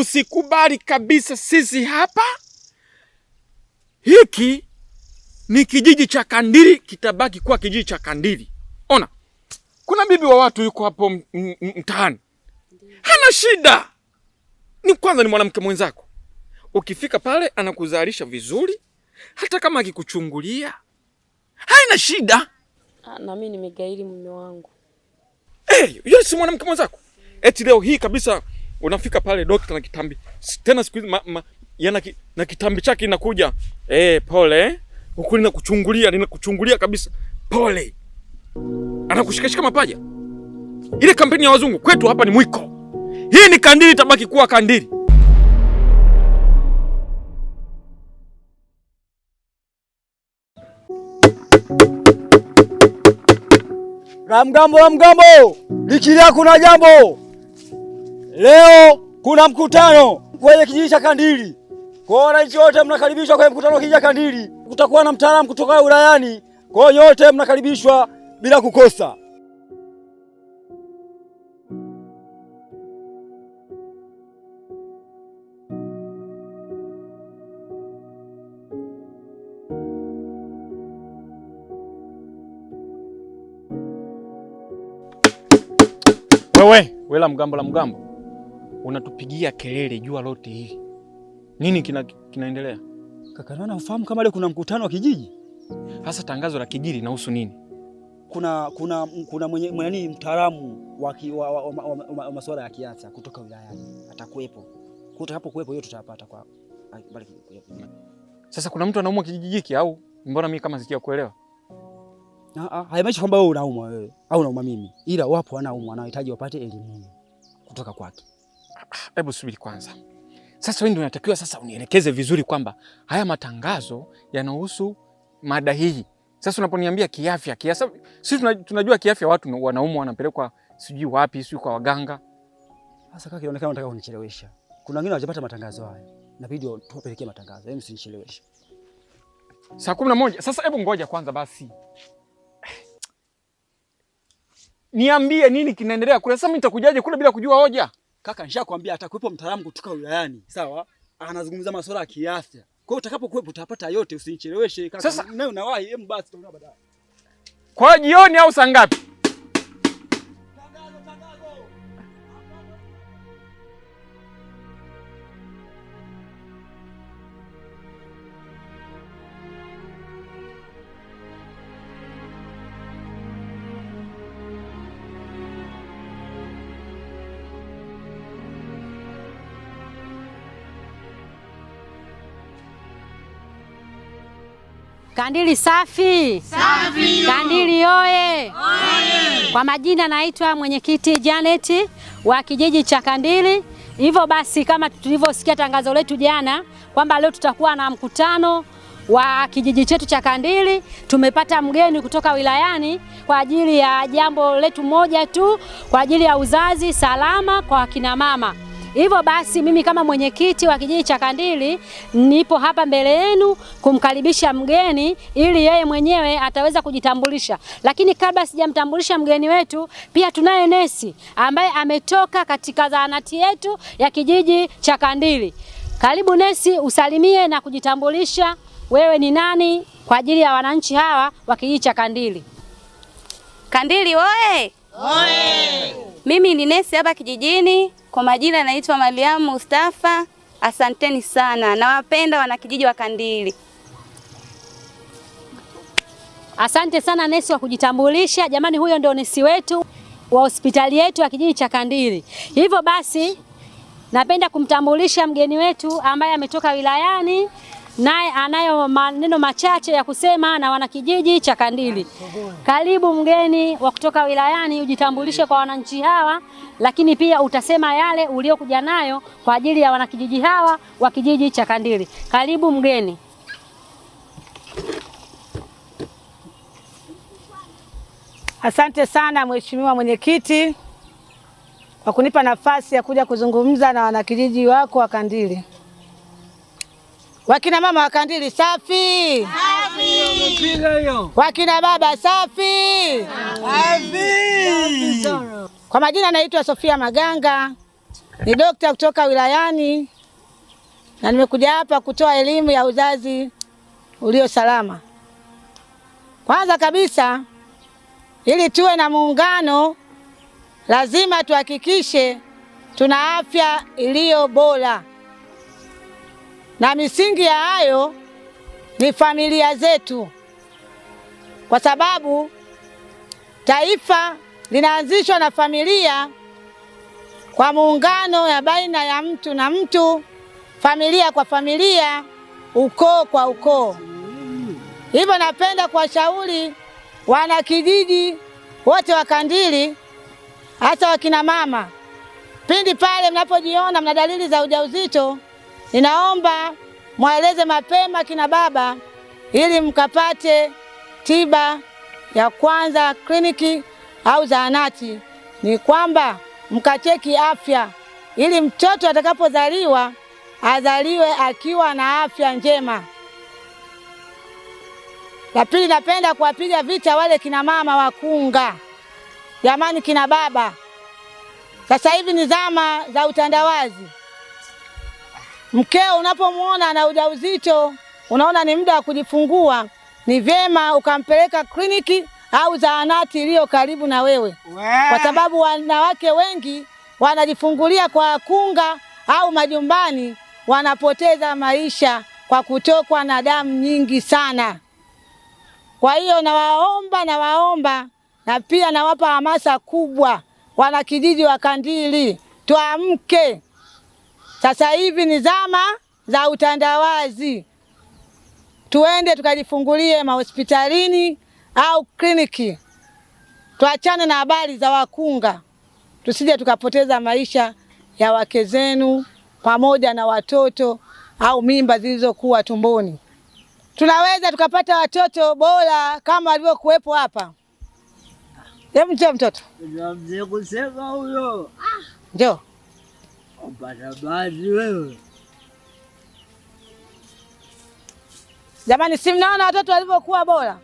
usikubali kabisa. Sisi hapa, hiki ni kijiji cha kandiri kitabaki kuwa kijiji cha kandiri Ona, kuna bibi wa watu yuko hapo mtaani, hana shida, ni kwanza ni mwanamke mwenzako. Ukifika pale anakuzalisha vizuri, hata kama akikuchungulia haina shida. Ah, na mimi nimegairi mume wangu. Hey, eh, yule si mwanamke mwenzako? Eti leo hii kabisa unafika pale dokta na kitambi tena siku yana ki, na kitambi chake inakuja eh, pole huku linakuchungulia linakuchungulia kabisa, pole anakushikashika mapaja. Ile kampeni ya wazungu kwetu hapa ni mwiko. Hii ni kandili, tabaki kuwa kandili. Ramgambo, ramgambo, likilia kuna jambo Leo kuna mkutano kwenye kijiji cha Kandili. Kwa wananchi wote mnakaribishwa kwenye mkutano kijiji cha Kandili. Kutakuwa na mtaalamu kutoka wilayani. Kwa hiyo nyote mnakaribishwa bila kukosa. Wewe, wela mgambo la mgambo unatupigia kelele jua lote hili, nini kina, kinaendelea kaka? Naona ufahamu kama leo kuna mkutano wa kijiji. Hasa tangazo la kijiji linahusu nini? Kuna kuna kuna mwenye nani, mtaalamu wa, wa, wa, wa, wa, wa masuala ya kiafya kutoka wilayani atakuwepo, kutakapokuwepo hiyo tutapata kwa sasa kuna mtu anaumwa kijiji hiki au? Mbona mimi kama sijakuelewa? Ah, haimaanishi kwamba wewe unaumwa wewe au unauma mimi, ila wapo wanaumwa, wanahitaji wapate elimu kutoka kwake. Hebu subiri kwanza. Sasa wewe ndio unatakiwa sasa unielekeze vizuri kwamba haya matangazo yanahusu mada hii. Sasa unaponiambia kiafya, kiasa, sisi tunajua kiafya watu wanaumwa wanapelekwa sijui wapi, sijui kwa waganga. Sasa kaka, inaonekana unataka kunichelewesha. Kuna wengine hawajapata matangazo haya. Inabidi tuwapelekee matangazo. Hebu yaani usinicheleweshe. Saa kumi na moja. Sasa hebu ngoja kwanza basi. Niambie nini kinaendelea kule. Sasa mimi nitakujaje kule bila kujua hoja? Kaka, nishakwambia atakuwepo mtaalamu kutoka wilayani, sawa? Anazungumza masuala ya kiafya. Kwa hiyo utakapokuwepo utapata yote, usinicheleweshe kaka. Sasa nawe unawahi, hem basi tutaona baadaye. Kwa jioni au saa ngapi? Kandili safi, safi. Kandili oye. Oye. Kwa majina naitwa mwenyekiti Janeti wa kijiji cha Kandili. Hivyo basi kama tulivyosikia tangazo letu jana kwamba leo tutakuwa na mkutano wa kijiji chetu cha Kandili, tumepata mgeni kutoka wilayani kwa ajili ya jambo letu moja tu, kwa ajili ya uzazi salama kwa kina mama. Hivyo basi mimi kama mwenyekiti wa kijiji cha Kandili nipo hapa mbele yenu kumkaribisha mgeni ili yeye mwenyewe ataweza kujitambulisha. Lakini kabla sijamtambulisha mgeni wetu, pia tunaye nesi ambaye ametoka katika zahanati yetu ya kijiji cha Kandili. Karibu nesi, usalimie na kujitambulisha wewe ni nani kwa ajili ya wananchi hawa wa kijiji cha Kandili. Kandili oye! Oe. Mimi ni nesi hapa kijijini, kwa majina naitwa Mariamu Mustafa. Asanteni sana, nawapenda wanakijiji wa Kandili. Asante sana nesi wa kujitambulisha. Jamani, huyo ndio nesi wetu wa hospitali yetu ya kijiji cha Kandili. Hivyo basi, napenda kumtambulisha mgeni wetu ambaye ametoka wilayani naye anayo maneno machache ya kusema na wanakijiji cha Kandili. Karibu mgeni wa kutoka wilayani, ujitambulishe kwa wananchi hawa, lakini pia utasema yale uliokuja nayo kwa ajili ya wanakijiji hawa wa kijiji cha Kandili. Karibu mgeni. Asante sana Mheshimiwa Mwenyekiti kwa kunipa nafasi ya kuja kuzungumza na wanakijiji wako wa Kandili. Wakina mama wakandili safi, wakina baba safi. Kwa majina naitwa Sofia Maganga, ni dokta kutoka wilayani, na nimekuja hapa kutoa elimu ya uzazi ulio salama. Kwanza kabisa, ili tuwe na muungano, lazima tuhakikishe tuna afya iliyo bora na misingi ya hayo ni familia zetu, kwa sababu taifa linaanzishwa na familia, kwa muungano ya baina ya mtu na mtu, familia kwa familia, ukoo kwa ukoo. Hivyo napenda kuwashauri wanakijiji wote wa Kandili, hasa wakina mama, pindi pale mnapojiona mna dalili za ujauzito Ninaomba mwaeleze mapema kina baba ili mkapate tiba ya kwanza kliniki au zahanati. Ni kwamba mkacheki afya ili mtoto atakapozaliwa azaliwe akiwa na afya njema. La pili, napenda kuwapiga vita wale kina mama wakunga. Jamani kina baba, sasa hivi ni zama za utandawazi. Mkeo unapomwona ana ujauzito, unaona ni muda wa kujifungua, ni vyema ukampeleka kliniki au zahanati iliyo karibu na wewe, kwa sababu wanawake wengi wanajifungulia kwa kunga au majumbani, wanapoteza maisha kwa kutokwa na damu nyingi sana. Kwa hiyo nawaomba, nawaomba na pia nawapa hamasa kubwa wanakijiji wa Kandili, tuamke. Sasa hivi ni zama za utandawazi, tuende tukajifungulie mahospitalini au kliniki, tuachane na habari za wakunga, tusije tukapoteza maisha ya wake zenu pamoja na watoto au mimba zilizokuwa tumboni. Tunaweza tukapata watoto bora kama walivyokuwepo hapa. Hebu njoo mtoto, njoo kupata wewe. Jamani, si mnaona watoto walivyokuwa bora.